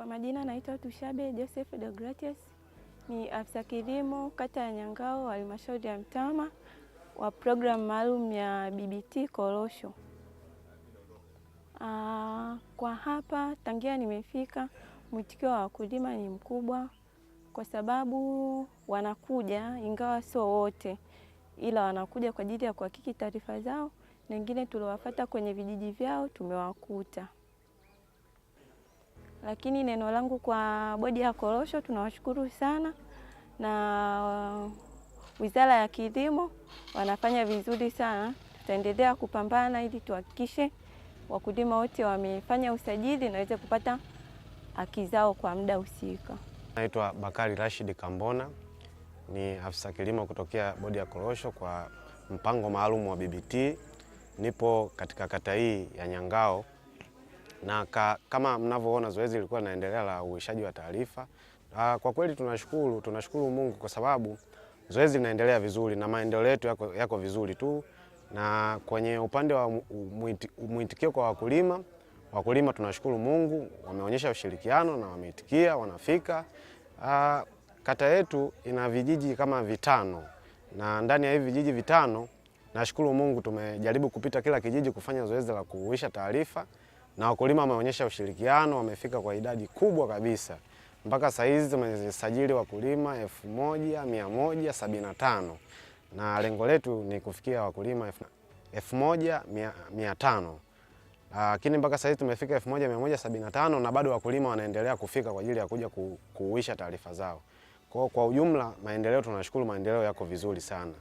Kwa majina naitwa Tushabe Joseph Deogratius, ni afisa kilimo kata ya Nyangao halmashauri ya Mtama wa programu maalum ya BBT korosho. Aa, ah, kwa hapa tangia nimefika mwitikio wa wakulima ni mkubwa, kwa sababu wanakuja ingawa sio wote, ila wanakuja kwa ajili ya kuhakiki taarifa zao, na wengine tuliwafuata kwenye vijiji vyao tumewakuta. Lakini neno langu kwa bodi ya korosho, tunawashukuru sana na uh, wizara ya kilimo, wanafanya vizuri sana. Tutaendelea kupambana ili tuhakikishe wakulima wote wamefanya usajili na waweze kupata haki zao kwa muda husika. Naitwa Bakari Rashid Kambona, ni afisa kilimo kutokea bodi ya korosho kwa mpango maalum wa BBT. Nipo katika kata hii ya Nyangao na ka, kama mnavyoona zoezi lilikuwa linaendelea la uishaji wa taarifa. Ah, kwa kweli tunashukuru, tunashukuru Mungu kwa sababu zoezi linaendelea vizuri na maendeleo yetu yako, yako vizuri tu, na kwenye upande wa mwitikio kwa wakulima, wakulima tunashukuru Mungu wameonyesha ushirikiano na wameitikia, wanafika. Aa, ah, kata yetu ina vijiji kama vitano na ndani ya hivi vijiji vitano nashukuru Mungu tumejaribu kupita kila kijiji kufanya zoezi la kuuisha taarifa na wakulima wameonyesha ushirikiano, wamefika kwa idadi kubwa kabisa. Mpaka sasa hizi tumesajili wakulima 1175 na lengo letu ni kufikia wakulima 1500. Lakini mpaka sasa hizi tumefika 1175 na bado wakulima wanaendelea kufika kwa ajili ya kuja kuuisha taarifa zao. Kwa, kwa ujumla maendeleo tunashukuru, maendeleo yako vizuri sana.